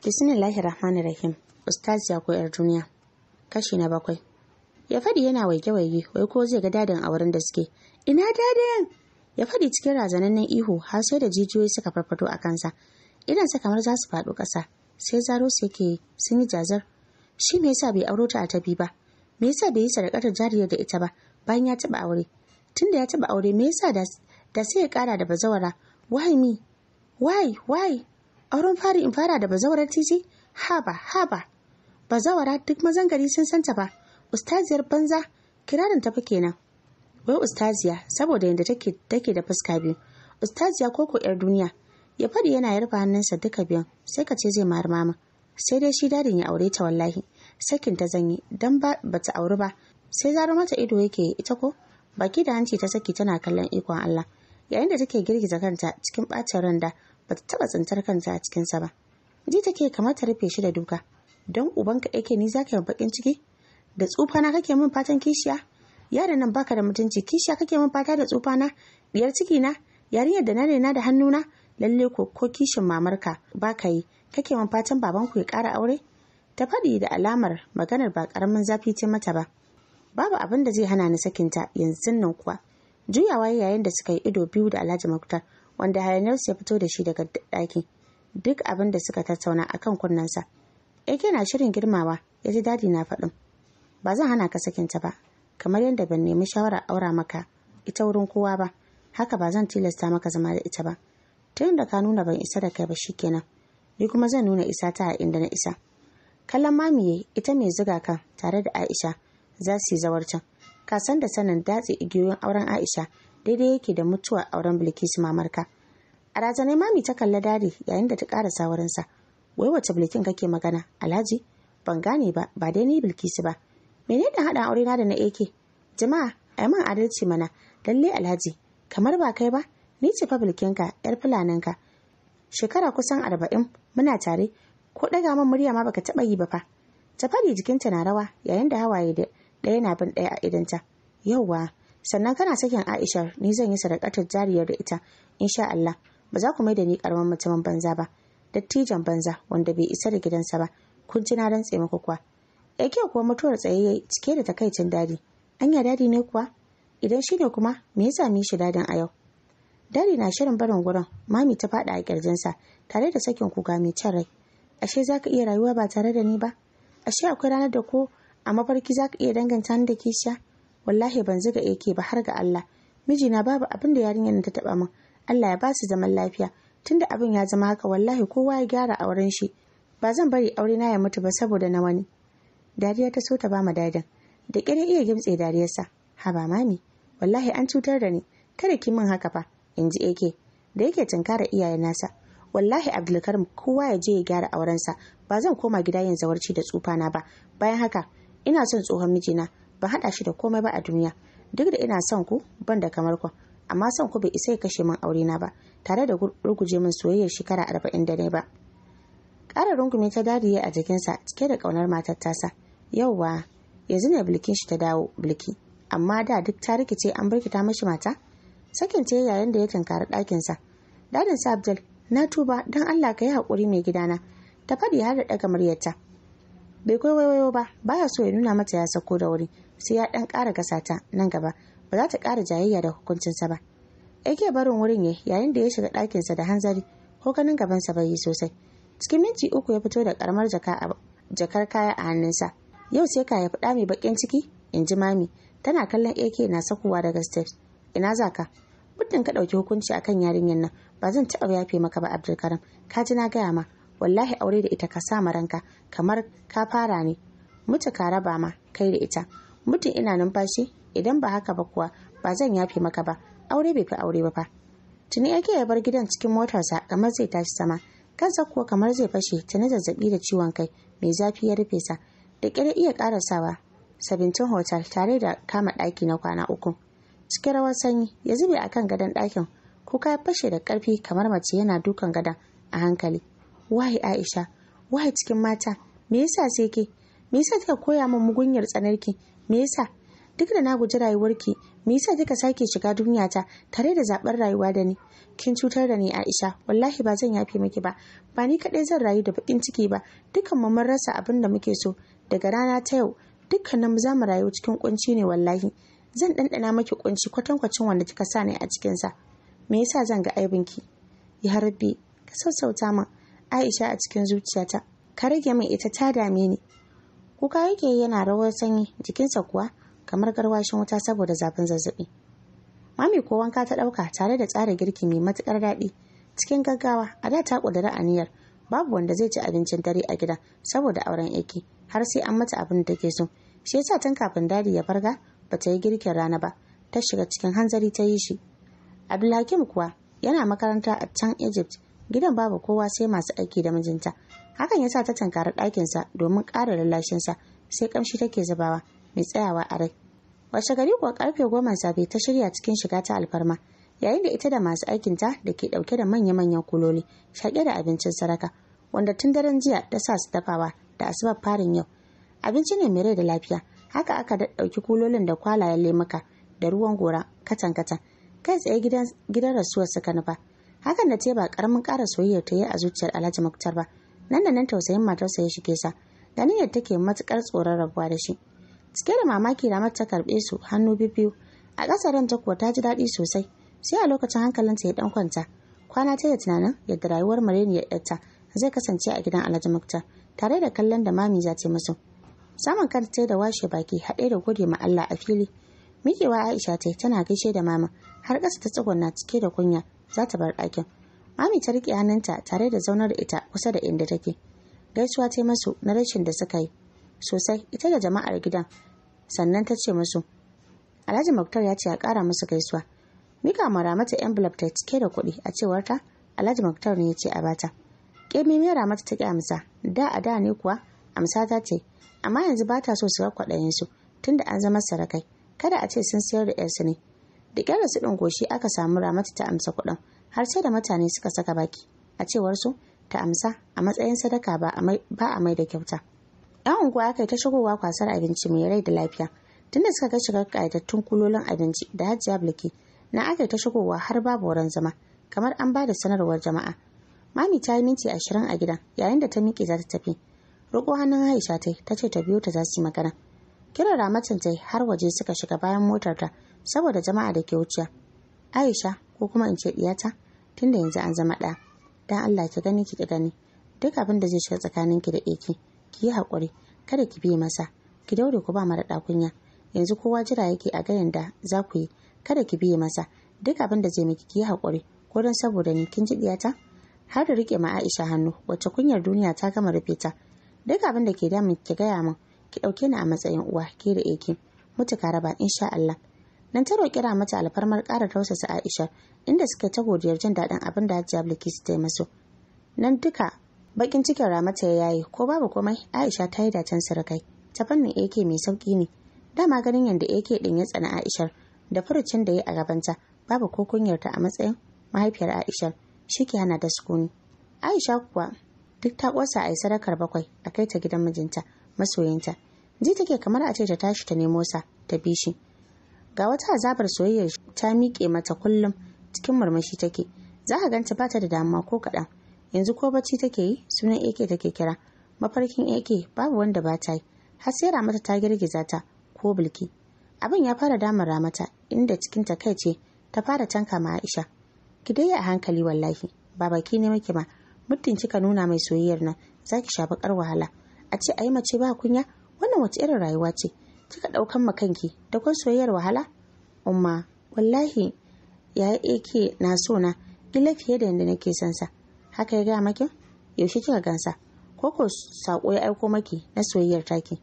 bismillahir rahmanir rahim ustaziya ko yar duniya kashi na bakwai ya faɗi yana waige waige wai ko zai ga dadin a wurin da suke ina dadin ya faɗi cikin razanannen ihu har sai da jijiyoyi suka farfato a kansa Idan sa kamar za su faɗo ƙasa sai zaro su yake sun yi jazar shi me yasa bai auro ta a tabi ba me yasa bai yi sadakatar jariyar da ita ba bayan ya taba aure tunda ya taba aure me yasa da sai ya kara da bazawara why me why why auren fari in fara da bazawarar titi haba haba bazawara duk mazan gari sun santa ba ustaziyar banza kirarin tafi kenan wai ustaziya saboda yadda take take da fuska biyu ustaziya koko yar duniya ya faɗi yana yarfa hannunsa duka biyan sai ka ce zai mari mama sai dai shi dadin ya aure ta wallahi sakin ta zanyi dan ba bata auri ba sai zaro mata ido yake ita ko baki da hanci ta saki tana kallon ikon Allah yayin da take girgiza kanta cikin bacin randa ba ta taɓa tsintar kanta a cikinsa ba ji take kamar ta rufe shi da duka don ubanka yake ni zaka yi bakin ciki da tsufa na kake min fatan kishiya yaran nan baka da mutunci kishiya kake min fata da tsufana diyar ciki na yarinyar da na na da hannuna lalle ko ko kishin mamarka baka yi kake min fatan babanku ya ƙara aure ta faɗi da alamar maganar ba ƙaramin zafi ce mata ba babu abin da zai hana ni sakinta yanzu nan kuwa juyawa yayin da suka yi ido biyu da alhaji muktar wanda hayaniyarsu ya fito da shi daga ɗakin duk abin da suka tattauna a kan kunnensa yake na shirin girmawa ya ji dadi na faɗin ba zan hana ka sakinta ba kamar yadda ban nemi shawara aura maka ita wurin kowa ba haka ba zan tilasta maka zama da ita ba ta yadda ka nuna ban isa da kai ba shi kenan ni kuma zan nuna isa ta a inda na isa kallon mamiye ita mai zuga kan tare da aisha za su yi zawarcin san da sanin datse igiyoyin auren aisha daidai yake da mutuwa auren bilkisu mamarka a razanai mami ta kalla dadi yayin da ta ƙara sawarinsa. wai wace bilkin kake magana alhaji ban gane ba ba dai ni bilkisu ba mene da haɗa na da na ake? jama'a a man adalci mana lalle alhaji kamar ba kai ba ni ce fa bilkinka yar fulaninka shekara kusan arba'in muna tare ko ɗaga man murya ma baka taɓa yi ba fa ta fari jikinta na rawa yayin da hawaye da ɗaya na bin ɗaya a idanta yauwa sannan kana sakin Aishar ni zan yi sadakatar jariyar da ita insha Allah ba za ku mai da ni karaman mutumin banza ba dattijan banza wanda bai isa da gidansa ba kun ji na rantse muku kuwa ya kyau kuwa mutuwar tsayayye cike da takaicin dadi anya dadi ne kuwa idan shine kuma me ya same shi dadin a yau dadi na shirin barin gurin mami ta fada a kirjinsa tare da sakin kuka mai can rai ashe zaka iya rayuwa ba tare da ni ba ashe akwai ranar da ko a mafarki zaka iya danganta ni da kishiya? wallahi ban ziga AK ba har ga Allah mijina babu abin da yarinyar ta taba min Allah ya ba su zaman lafiya tunda abin ya zama haka wallahi kowa ya gyara auren shi ba zan bari aure na ya mutu ba saboda na wani dariya ta so ta ba mu dadin da kire iya gimtse dariyarsa haba mami wallahi an cutar da ni kada ki min haka fa in ji ake da yake tunkara iyayen nasa wallahi abdulkarim kowa ya je ya gyara aurensa ba zan koma gida yin zawarci da tsufana ba bayan haka ina son tsohon mijina ba haɗa shi da komai ba a duniya duk da ina son ku ban da kamar ku amma son ku bai isa ya kashe min aure na ba tare da ruguje min soyayyar shekara arba'in da ne ba ƙara rungume ta dadiye a jikinsa cike da ƙaunar matar tasa yauwa yanzu ne bilkin shi ta dawo bilki amma da duk ta rikice an birkita mashi mata sakin ta yayin da ya tunkari ɗakinsa dadin sa abdul na tuba don allah ka yi haƙuri mai gidana ta faɗi har da ɗaga muryarta bai kai waiwayo ba baya so ya nuna mata ya sako da wuri sai ya dan kara gasa ta nan gaba ba za ta kara jayayya da hukuncinsa ba yake barin wurin ya yayin da ya shiga ɗakinsa da hanzari ko ganin gabansa bai yi sosai cikin minti uku ya fito da karamar jakar kaya a hannunsa yau sai ka ya fada mai bakin ciki in ji mami tana kallon ak na sakuwa daga steps ina za ka muddin ka ɗauki hukunci akan yarinyar nan ba zan taɓa yafe maka ba abdulkaram ka ji na gaya ma wallahi aure da ita ka sa maranka kamar ka fara ne mutu ka raba ma kai da ita Mutum ina numfashi idan ba haka ba kuwa ba zan yafe maka ba aure bai fi aure ba fa tuni yake ya bar gidan cikin motarsa kamar zai tashi sama kansa kuwa kamar zai fashe ta tuni zazzabi da ciwon kai mai zafi ya rufe sa da ƙyar iya karasawa sabincin hotel tare da kama ɗaki na kwana uku cikin rawar sanyi ya zube akan kan gadon ɗakin kuka ya fashe da karfi kamar mace yana dukan gadon a hankali wahi aisha wahi cikin mata me yasa sai ke me yasa kika koya min mugunyar tsanarki me yasa duk da na guji rayuwarki me yasa kika sake shiga duniya ta? tare da zaben rayuwa da ni kin cutar da ni Aisha wallahi ba zan yafe miki ba ba ni kaɗai zan rayu da bakin ciki ba dukan mu mun rasa abin da muke so daga rana ta yau dukkanin mu za mu rayu cikin kunci ne wallahi zan ɗanɗana maki kunci kwatankwacin wanda kika sa ni a cikin sa me yasa zan ga aibinki ya harbi, ka sassauta min Aisha a cikin zuciyata ka rage min ita ta dame ni kuka yake yana rawar sanyi jikinsa kuwa kamar garwashin wuta saboda zafin zazzabi mami ko wanka ta ɗauka tare da tsara girki mai matuƙar daɗi cikin gaggawa a da ta ƙudiri aniyar babu wanda zai ci abincin dare a gida saboda auren aiki, har sai an mata abin da take so shi yasa tun kafin dadi ya farga ba ta yi girkin rana ba ta shiga cikin hanzari ta yi shi abdulhakim kuwa yana makaranta a can egypt gidan babu kowa sai masu aiki da mijinta hakan ya sa ta tankari ɗakinsa domin ƙara lallashinsa sai ƙamshi take zubawa mai tsayawa a rai washe gari kuwa karfe goma safe ta shirya cikin shiga ta alfarma yayin da ita da masu aikinta da ke ɗauke da manya-manyan kuloli shaƙe da abincin saraka wanda tun daren jiya ta sa su dafawa da asubar farin yau abinci ne mai rai da lafiya haka aka ɗauki kulolin da kwalayen lemuka da ruwan gora katan-katan kai tsaye gidan rasuwar suka nufa hakan da ce ba karamin ƙara soyayya ta yi a zuciyar alhaji muktar ba nan da nan tausayin matarsa ya shige sa da niyyar take matukar tsoron rabuwa da shi cike da mamaki ramar ta karbe su hannu biyu a ƙasa ran ta kuwa ta ji daɗi sosai sai a lokacin hankalinta ya dan kwanta kwana ta da tunanin yadda rayuwar mareniyar yarta zai kasance a gidan alhaji mukta tare da kallon da mami za ta yi musu samun kanta ta da washe baki haɗe da gode ma Allah a fili mikewa Aisha ta tana gaishe da mama har ƙasa ta tsugunna cike da kunya za ta bar ɗakin ami ta riƙe hannunta tare da zaunar da ita kusa da inda take. Gaisuwa ta masu na rashin da suka yi sosai ita da jama'ar gidan. Sannan ta ce musu, Alhaji Muktar ya ce a ƙara musu gaisuwa. Mika mara mata envelope ta cike da kuɗi a cewar ta Alhaji Muktar ne ya ce a bata. Ƙemi Ramatu Ramata ta ƙi amsa, da a da ne kuwa amsa ta ce, amma yanzu ba ta so su ga su tunda an zama sarakai. Kada a ce sun sayar da 'yarsu ne. Da ƙyar su ɗin goshi aka samu ramata ta amsa kuɗin. har sai da mutane suka saka baki a cewar su ta amsa a matsayin sadaka ba a mai da kyauta yan unguwa aka yi ta shigowa kwasar abinci mai rai da lafiya tunda suka ga shigar kayatattun kulolin abinci da hajjiya bulki na aka ta shigowa har babu wurin zama kamar an ba da sanarwar jama'a mami ta yi minti ashirin a gidan yayin da ta miƙe za ta tafi roƙo hannun aisha ta ta ce ta biyo ta za su yi magana kiran ramatan ta har waje suka shiga bayan motar ta saboda jama'a da ke wuciya aisha ko kuma in ce ɗiyata? tunda yanzu an zama ɗa dan Allah ki gani ki gani duk abin da zai shiga tsakaninki da eki ki yi haƙuri kada ki biye masa ki daure ku ba mara ɗakunya yanzu kowa jira yake a garin da za ku yi kada ki biye masa duk abin da zai miki ki yi haƙuri ko don saboda ni kin ji ɗiyata har da rike ma Aisha hannu wacce kunyar duniya ta gama rufe ta duk abin da ke damun ki gaya min ki ɗauke ni a matsayin uwa ke da eki mutu ka raba insha Allah nan ta roƙi ramata alfarmar ƙara tausasa aisha inda suka ta godiyar jin daɗin abin da hajiya bilkisu ta yi masu. nan duka bakin cikin ramata ya yi. ko babu komai aisha ta yi dacen surukai ta fannin ak mai sauƙi ne dama ganin yadda ak ɗin ya tsana aishar da furucin da ya yi a gabanta babu ko kunyarta a matsayin mahaifiyar aishar shi ke hana ta sukuni aisha kuwa duk ta ƙosa a yi sadakar bakwai a kai ta gidan mijinta masoyinta ji take kamar a ce ta tashi ta nemo sa ta bi shi ga wata azabar soyayyar ta miƙe mata kullum cikin murmushi take za ka ganta ba ta da damuwa ko kaɗan yanzu ko bacci take yi sunan ake take kira mafarkin ake babu wanda ba ta yi har sai ramata ta girgiza ta ko bilki abin ya fara damar ramata inda cikin ta kai ce ta fara tanka ma aisha ki dai a hankali wallahi ba baki ne maki ma muddin kika nuna mai soyayyar nan zaki sha bakar wahala a ce a yi mace ba kunya wannan wace irin rayuwa ce kika ɗaukan ma kanki da kun soyayyar wahala umma wallahi ya yake na so na gila fiye da yanda nake son sa haka ya ga maki yaushe kika gansa ko ko sako ya aiko maki na soyayyar taki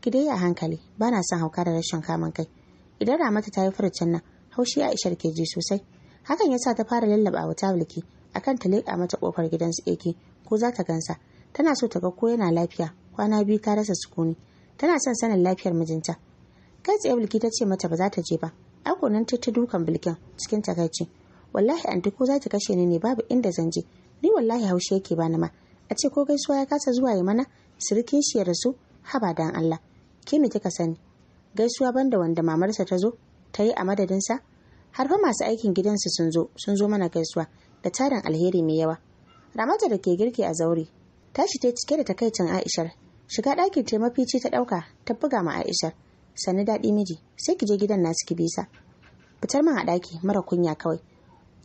ki dai a hankali ba na son hauka da rashin kamun kai idan ramata ta yi furucin nan haushi aishar ke ji sosai hakan yasa ta fara lallaba wa tabliki akan ta leƙa mata ƙofar gidansu eke ko za ta gansa tana so ta ga ko yana lafiya kwana biyu ta rasa sukuni tana son sanin lafiyar mijinta kai tsaye bilki ta ce mata ba za ta je ba ako nan ta dukan bilkin cikin takaici wallahi anti ko za ta kashe ni ne babu inda zan je ni wallahi haushi yake bani ma a ce ko gaisuwa ya kasa zuwa yi mana sirikin shi ya rasu haba dan Allah ke me kika sani gaisuwa banda wanda mamarsa ta zo ta yi a madadinsa har fa masu aikin gidansu sun zo sun zo mana gaisuwa da tarin alheri mai yawa ramata da ke girki a zaure tashi ta cike da takaicin aishar shiga ɗakin ta ta ɗauka ta buga ma aisha sani daɗi miji sai ki je gidan nasu ki bisa fitar min a ɗaki mara kunya kawai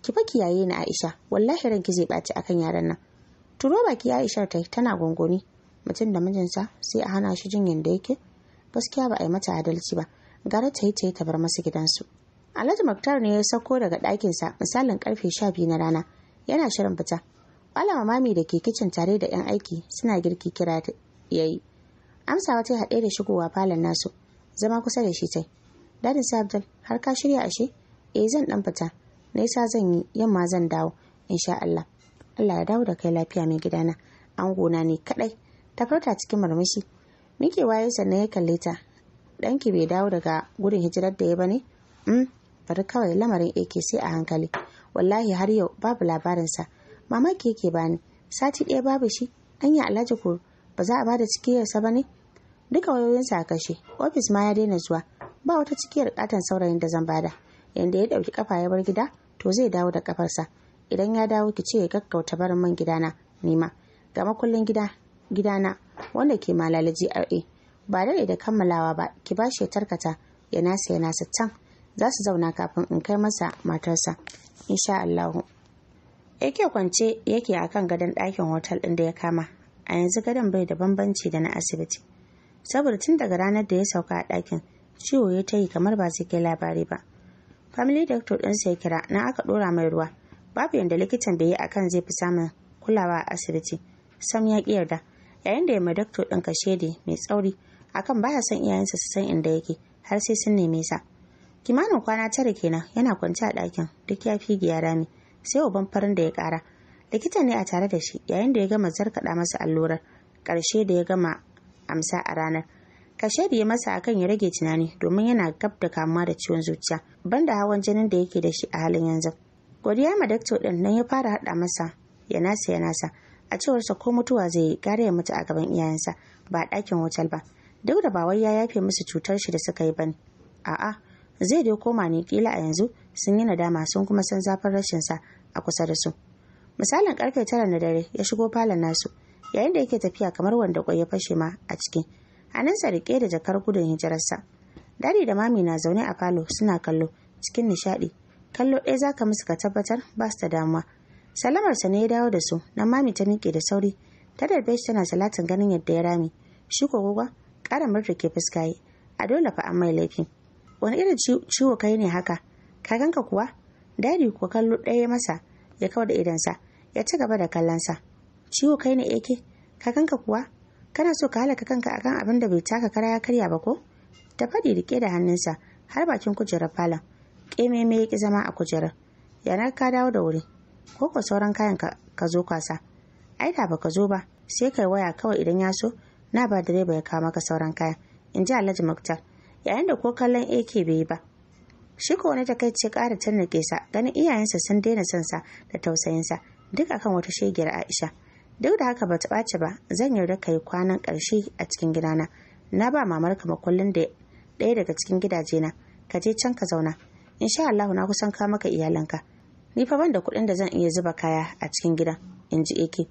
ki fa kiyaye ni aisha wallahi ki zai ɓaci akan yaran nan turo baki Aisha ta tana gongoni mutum da mijinsa sai a hana shi jin yanda yake gaskiya ba a yi mata adalci ba gara ta yi ta yi ta bar masu gidansu alhaji maktar ne ya sauko daga ɗakinsa misalin karfe sha biyu na rana yana shirin fita "Bala Mamami da ke kicin tare da 'yan aiki suna girki kira ya yi amsawa ta haɗe da shigowa falon nasu zama kusa da shi tai dadin sa abdul har ka shirya ashe eh zan dan fita yasa zan yi yamma zan dawo insha Allah Allah ya dawo da kai lafiya mai gidana an gona ne kadai ta farta cikin murmushi mike waye sannan ya kalle ta danki bai dawo daga gurin hijirar da ya bane mm bari kawai lamarin ake sai a hankali wallahi har yau babu labarinsa mamaki yake bani sati ɗaya babu shi anya alhaji ko ba za a ba bada cikiyarsa ba ne duka wayoyinsa a kashe ofis ma ya daina zuwa ba wata cikiyar katon saurayin da zan bada yanda ya dauki kafa ya bar gida to zai dawo da kafarsa idan ya dawo ki ce ya gaggauta barin man gidana nima ga makullin gida gidana wanda ke malala GRA ba dare da kammalawa ba ki ba shi tarkata ya nasa ya nasa can za su zauna kafin in kai masa matarsa insha Allah yake kwance yake akan gadon ɗakin hotel ɗin da ya kama a yanzu gadon bai da bambanci da na asibiti saboda tun daga ranar da ya sauka a ɗakin ciwo ya ta kamar ba zai kai labari ba family doctor ɗin ya kira na aka ɗora mai ruwa babu yadda likitan bai yi akan zai fi samun kulawa a asibiti sam ya ƙi yarda yayin da ya mai doctor ɗin ka kashedi mai tsauri akan baya son iyayensa su san inda yake har sai sun neme sa kimanin kwana tara kenan yana kwance a ɗakin duk ya fi giya rami sai uban farin da ya ƙara likita ne a tare da shi yayin da ya gama zarkaɗa masa allurar ƙarshe da ya gama amsa a ranar ka ya masa akan ya rage tunani domin yana gab da kamuwa da ciwon zuciya banda hawan jinin da yake da shi a halin yanzu godiya ma dakto din nan ya fara haɗa masa ya nasa ya nasa a cewarsa ko mutuwa zai yi gara ya mutu a gaban iyayensa ba a ɗakin wutar ba duk da ba wai ya yafe musu cutar shi da suka yi bane a'a zai dai koma ne kila a yanzu sun yi nadama sun kuma san zafin rashin sa a kusa da su misalin karfe tara na dare ya shigo falon nasu yayin da yake tafiya kamar wanda kwai ya fashe ma a ciki hannunsa rike da jakar gudun hijirarsa dadi da mami na zaune a falo suna kallo cikin nishadi kallo ɗaya zaka musu ka tabbatar ba su da damuwa salamarsa ne ya dawo da su nan mami ta miƙe da sauri ta darbe shi tana salatin ganin yadda ya rami. shi ko kogowa ƙara ke fuska yi a dole fa an mai laifi wani irin ciwo kai ne haka kaganka kuwa dadi ko kallo ɗaya masa ya kawo da idansa ya ci gaba da kallonsa ciwo kai na eke ka kanka kuwa kana so ka halaka kanka akan abin da bai taka kara ya karya ba ko ta faɗi rike da hannunsa har bakin kujerar falon ƙememe ya ƙi zama a kujerar yanar ka dawo da wuri ko ko sauran kayan ka ka zo kwasa ai da baka zo ba sai kai waya kawai idan ya so na ba direba ya kawo maka sauran kayan in ji alhaji muktar yayin da ko kallon eke bai yi ba shi ko wani ya ƙara tannake sa ganin iyayensa sun daina son da tausayinsa duk akan wata shegiyar Aisha duk da haka bata ɓace ba zan yarda ka yi kwanan ƙarshe a cikin gidana na ba mamarka makullin da ɗaya daga cikin gidaje na. ka je can ka zauna insha Allah na kusan ka maka iyalanka ni fa ban da kuɗin da zan iya zuba kaya a cikin gidan in ji eke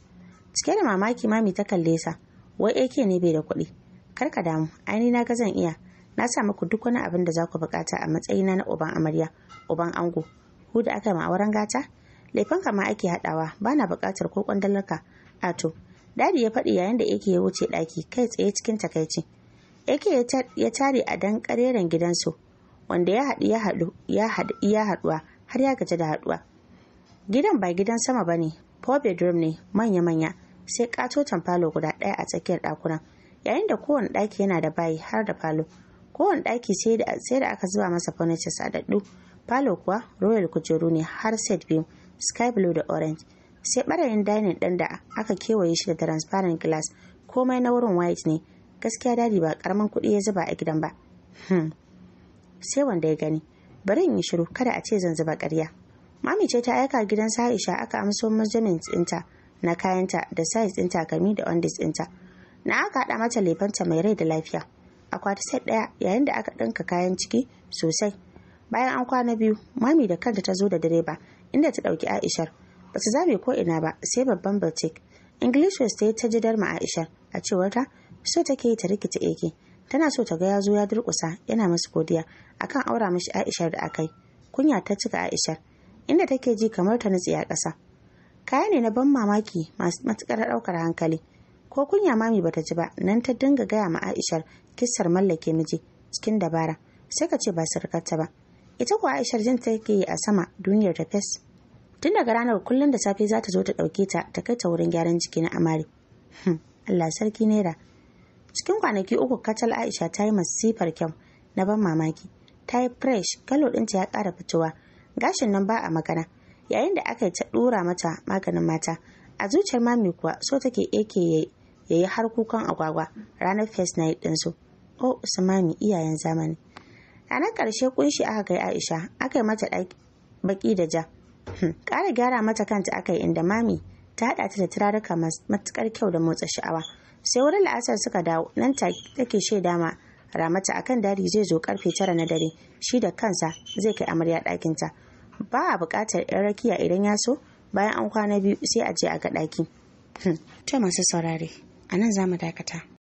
cike da mamaki mami ta kalle sa wai eke ne bai da kuɗi kar ka damu aini na ga zan iya na sa muku duk wani abin da za ku bukata a matsayina na uban amarya uban ango ku da aka ma auren gata laifanka ma ake haɗawa na buƙatar ko kwandalarka ato dadi ya faɗi yayin da yake ya wuce ɗaki kai tsaye cikin takaici yake ya tare a dan ƙareren gidansu wanda ya haɗu ya haɗu ya haɗuwa har ya gaji da haɗuwa gidan ba gidan sama bane four bedroom ne manya manya sai katoton falo guda ɗaya a tsakiyar ɗakunan yayin da kowane ɗaki yana da bayi har da falo kowane ɗaki sai da aka zuba masa furniture sadaddu falo kuwa royal kujeru ne har set biyu sky blue da orange sai ɓarayin dining ɗin da aka kewaye shi da transparent glass komai na wurin white ne gaskiya dadi ba karamin kuɗi ya zuba a gidan ba hmm. sai wanda ya gani bari in yi shiru kada a ce zan zuba ƙarya mami ce ta aika gidan Aisha aka amso measurements ɗinta na kayanta da size ɗin takalmi da ondis ɗinta na aka haɗa mata lefanta mai rai da lafiya akwati set ɗaya yayin da aka ɗinka kayan ciki sosai bayan an kwana biyu mami da kanta ta zo da direba inda ta ɗauki Aishar. Ba su zabe ko ina ba sai babban batik. English West ta ji darma Aishar a cewar ta so take yi ta rikita eke. Tana so ta ga ya zo ya durƙusa yana masu godiya akan aura mashi Aishar da akai. Kunya ta cika Aishar inda take ji kamar ta nutsi a ƙasa. Kaya ne na ban mamaki masu matuƙar ɗaukar hankali. Ko kunya mami bata ji ba nan ta dinga gaya ma Aishar kissar mallake miji cikin dabara sai ka ce ba sarkarta ba. ita kuwa Aisha jin ta yake a sama duniyar ta fes tun daga ranar kullum da safe za ta zo ta ɗauke ta ta kai ta wurin gyaran jiki na amare hmm, allah sarki naira cikin kwanaki uku katal aisha ta yi masifar kyau na ban mamaki ta yi fresh kalo ɗinta ya ƙara fitowa gashin nan ba a magana yayin da aka yi ta ɗura mata maganin mata a zuciyar mami kuwa so take ke ya yi har kukan agwagwa ranar fes na yi ɗinsu o oh, usmani iyayen zamani a nan ƙarshe kunshi aka kai aisha aka yi mata baki da ja hmm, ƙara gyara mata kanta aka yi inda mami ta haɗa ta da turaruka matuƙar kyau da motsa sha'awa sai wurin la'asar suka dawo nan take shaida ma ramata akan dari zai zo karfe tara na dare shi da kansa zai kai amarya ɗakinta ba a buƙatar yan rakiya idan ya so bayan an kwana biyu sai a je a ga ɗaki hmm, to masu saurare a nan za mu dakata